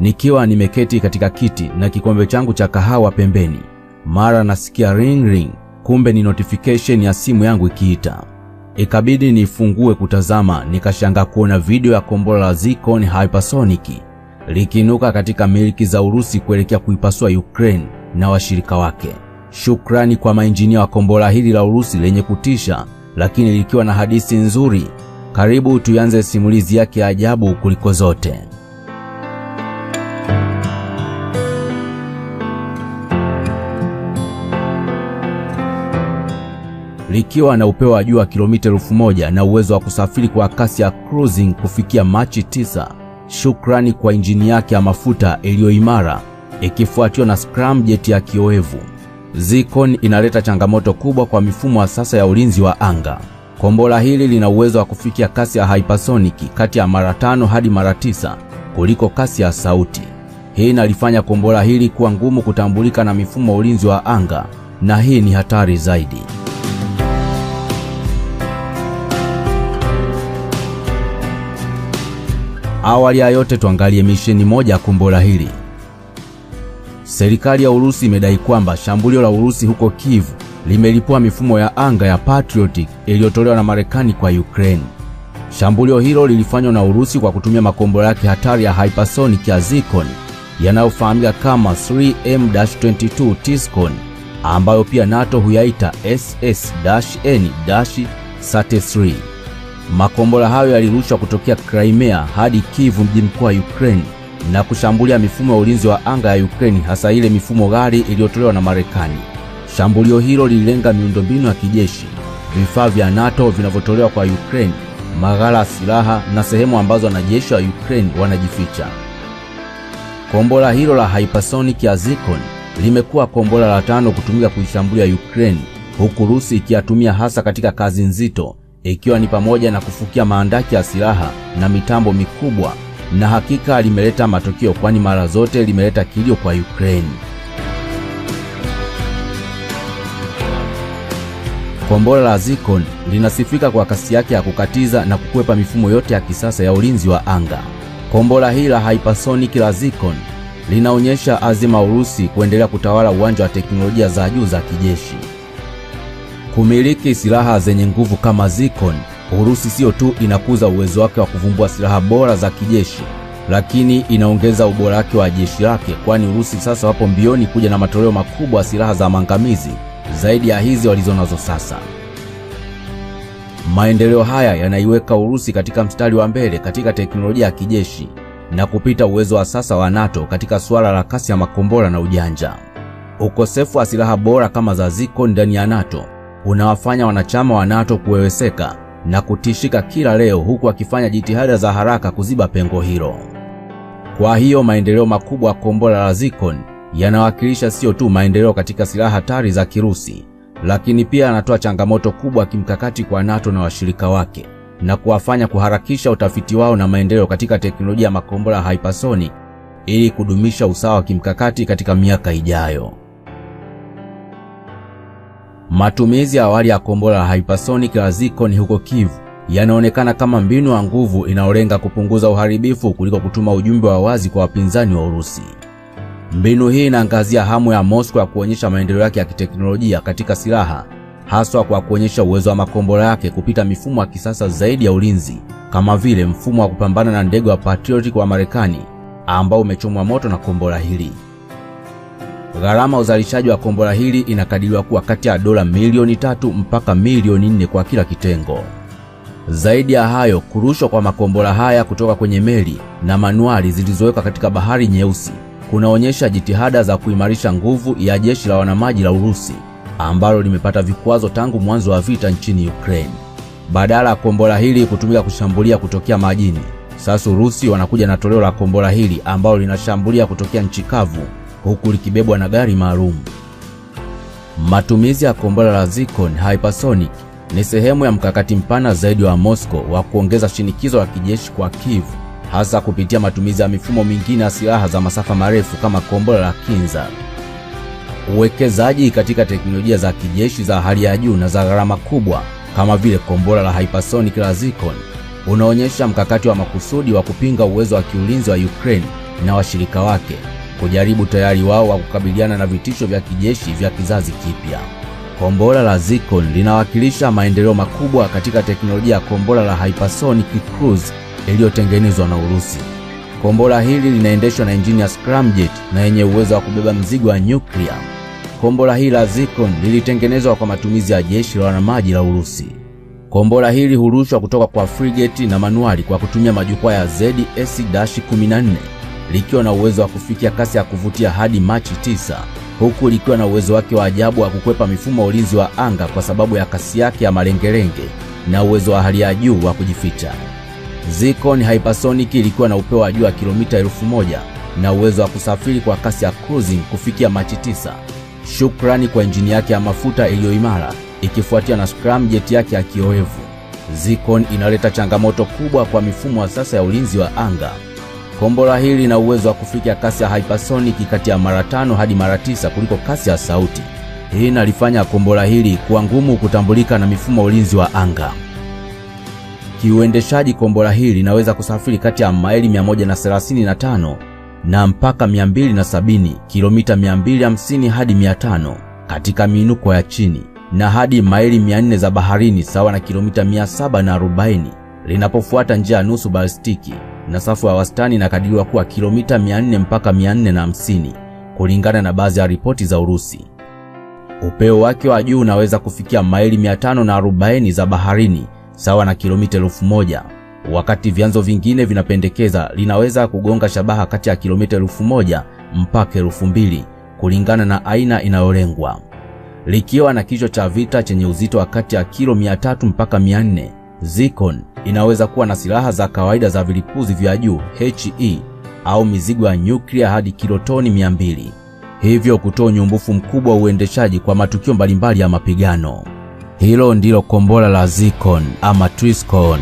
nikiwa nimeketi katika kiti na kikombe changu cha kahawa pembeni, mara nasikia ring ring. Kumbe ni notification ya simu yangu ikiita. Ikabidi nifungue kutazama, nikashanga kuona video ya kombora la Zircon hypersonic likiinuka katika miliki za Urusi kuelekea kuipasua Ukraine na washirika wake. Shukrani kwa mainjinia wa kombora hili la Urusi lenye kutisha, lakini likiwa na hadithi nzuri. Karibu tuanze simulizi yake ya ajabu kuliko zote. likiwa na upeo wa juu wa kilomita elfu moja na uwezo wa kusafiri kwa kasi ya cruising kufikia Machi tisa, shukrani kwa injini yake ya mafuta iliyo imara ikifuatiwa na scramjet ya kioevu. Zircon inaleta changamoto kubwa kwa mifumo ya sasa ya ulinzi wa anga. Kombora hili lina uwezo wa kufikia kasi ya hypersonic kati ya mara tano hadi mara tisa kuliko kasi ya sauti. Hii inalifanya kombora hili kuwa ngumu kutambulika na mifumo ya ulinzi wa anga, na hii ni hatari zaidi. Awali ya yote, tuangalie misheni moja kumbo la hili. Serikali ya Urusi imedai kwamba shambulio la Urusi huko Kiev limelipua mifumo ya anga ya Patriotic iliyotolewa na Marekani kwa Ukraine. Shambulio hilo lilifanywa na Urusi kwa kutumia makombora yake hatari ya hypersonic ya Zircon yanayofahamika kama 3M-22 Tiskon ambayo pia NATO huyaita SS-N-33. Makombora hayo yalirushwa kutokea Crimea hadi Kiev, mji mkuu wa Ukraine, na kushambulia mifumo ya ulinzi wa anga ya Ukraine, hasa ile mifumo ghali iliyotolewa na Marekani. Shambulio hilo lililenga miundombinu ya kijeshi, vifaa vya NATO vinavyotolewa kwa Ukraine, maghala ya silaha na sehemu ambazo wanajeshi wa Ukraine wanajificha. Kombora hilo la hypersonic ya Zircon limekuwa kombora la tano kutumika kuishambulia Ukraine, huku Rusi ikiyatumia hasa katika kazi nzito ikiwa ni pamoja na kufukia maandaki ya silaha na mitambo mikubwa, na hakika limeleta matokeo, kwani mara zote limeleta kilio kwa Ukraine. Kombora la Zircon linasifika kwa kasi yake ya kukatiza na kukwepa mifumo yote ya kisasa ya ulinzi wa anga. Kombora hili la hypersonic la Zircon linaonyesha azima Urusi kuendelea kutawala uwanja wa teknolojia za juu za kijeshi. Kumiliki silaha zenye nguvu kama Zircon, Urusi siyo tu inakuza uwezo wake wa kuvumbua silaha bora za kijeshi, lakini inaongeza ubora wake wa jeshi lake, kwani Urusi sasa wapo mbioni kuja na matoleo makubwa ya silaha za maangamizi zaidi ya hizi walizonazo sasa. Maendeleo haya yanaiweka Urusi katika mstari wa mbele katika teknolojia ya kijeshi na kupita uwezo wa sasa wa NATO katika suala la kasi ya makombora na ujanja. Ukosefu wa silaha bora kama za Zircon ndani ya NATO unawafanya wanachama wa NATO kuweweseka na kutishika kila leo, huku akifanya jitihada za haraka kuziba pengo hilo. Kwa hiyo maendeleo makubwa ya kombora la Zircon yanawakilisha sio tu maendeleo katika silaha hatari za Kirusi, lakini pia yanatoa changamoto kubwa kimkakati kwa NATO na washirika wake na kuwafanya kuharakisha utafiti wao na maendeleo katika teknolojia ya makombora hypersonic ili kudumisha usawa wa kimkakati katika miaka ijayo. Matumizi ya awali ya kombora la hypersonic la Zircon huko Kivu yanaonekana kama mbinu ya nguvu inayolenga kupunguza uharibifu kuliko kutuma ujumbe wa wazi kwa wapinzani wa Urusi. Mbinu hii inaangazia hamu ya Moscow ya kuonyesha maendeleo yake ya kiteknolojia katika silaha, haswa kwa kuonyesha uwezo wa makombora yake kupita mifumo ya kisasa zaidi ya ulinzi, kama vile mfumo wa kupambana na ndege wa Patriot wa Marekani ambao umechomwa moto na kombora hili. Gharama uzalishaji wa kombora hili inakadiriwa kuwa kati ya dola milioni tatu mpaka milioni nne kwa kila kitengo. Zaidi ya hayo, kurushwa kwa makombora haya kutoka kwenye meli na manuari zilizowekwa katika Bahari Nyeusi kunaonyesha jitihada za kuimarisha nguvu ya jeshi la wanamaji la Urusi ambalo limepata vikwazo tangu mwanzo wa vita nchini Ukraine. Badala ya kombora hili kutumika kushambulia kutokea majini, sasa Urusi wanakuja na toleo la kombora hili ambalo linashambulia kutokea nchi kavu huku likibebwa na gari maalum. Matumizi ya kombora la Zircon hypersonic ni sehemu ya mkakati mpana zaidi wa Moscow wa kuongeza shinikizo la kijeshi kwa Kiev, hasa kupitia matumizi ya mifumo mingine ya silaha za masafa marefu kama kombora la Kinza. Uwekezaji katika teknolojia za kijeshi za hali ya juu na za gharama kubwa kama vile kombora la hypersonic la Zircon unaonyesha mkakati wa makusudi wa kupinga uwezo wa kiulinzi wa Ukraine na washirika wake kujaribu tayari wao wa kukabiliana na vitisho vya kijeshi vya kizazi kipya. Kombora la Zircon linawakilisha maendeleo makubwa katika teknolojia ya kombora la hypersonic cruise iliyotengenezwa na Urusi. Kombora hili linaendeshwa na injini ya scramjet na yenye uwezo wa kubeba mzigo wa nyuklia. Kombora hili la Zircon lilitengenezwa kwa matumizi ya jeshi la wanamaji la Urusi. Kombora hili hurushwa kutoka kwa frigeti na manuali kwa kutumia majukwaa ya ZS-14 likiwa na uwezo wa kufikia kasi ya kuvutia hadi Machi tisa, huku likiwa na uwezo wake wa ajabu wa kukwepa mifumo ya ulinzi wa anga kwa sababu ya kasi yake ya malengelenge na uwezo wa hali ya juu wa kujificha. Zircon hypersonic ilikuwa na upeo wa juu wa kilomita elfu moja na uwezo wa kusafiri kwa kasi ya cruising kufikia Machi tisa, shukrani kwa injini yake ya mafuta iliyoimara ikifuatia na scramjet yake ya kioevu. Zircon inaleta changamoto kubwa kwa mifumo ya sasa ya ulinzi wa anga. Kombora hili lina uwezo wa kufikia kasi ya hypersonic kati ya mara tano hadi mara tisa kuliko kasi ya sauti. Hii inalifanya kombora hili kuwa ngumu kutambulika na mifumo ya ulinzi wa anga. Kiuendeshaji, kombora hili linaweza kusafiri kati ya maili 135 na mpaka 270, kilomita 250 hadi 500 katika miinuko ya chini na hadi maili 400 za baharini, sawa na kilomita 740 linapofuata njia ya nusu balistiki na safu ya wastani inakadiriwa kuwa kilomita 400 mpaka 450 kulingana na baadhi ya ripoti za Urusi. Upeo wake wa juu unaweza kufikia maili 540 za baharini, sawa na kilomita elfu moja wakati vyanzo vingine vinapendekeza linaweza kugonga shabaha kati ya kilomita elfu moja mpaka elfu mbili kulingana na aina inayolengwa, likiwa na kichwa cha vita chenye uzito wa kati ya kilo 300 mpaka Zircon inaweza kuwa na silaha za kawaida za vilipuzi vya juu HE au mizigo ya nyuklia hadi kilotoni 200, hivyo kutoa unyumbufu mkubwa wa uendeshaji kwa matukio mbalimbali ya mapigano. Hilo ndilo kombora la Zircon ama twiscon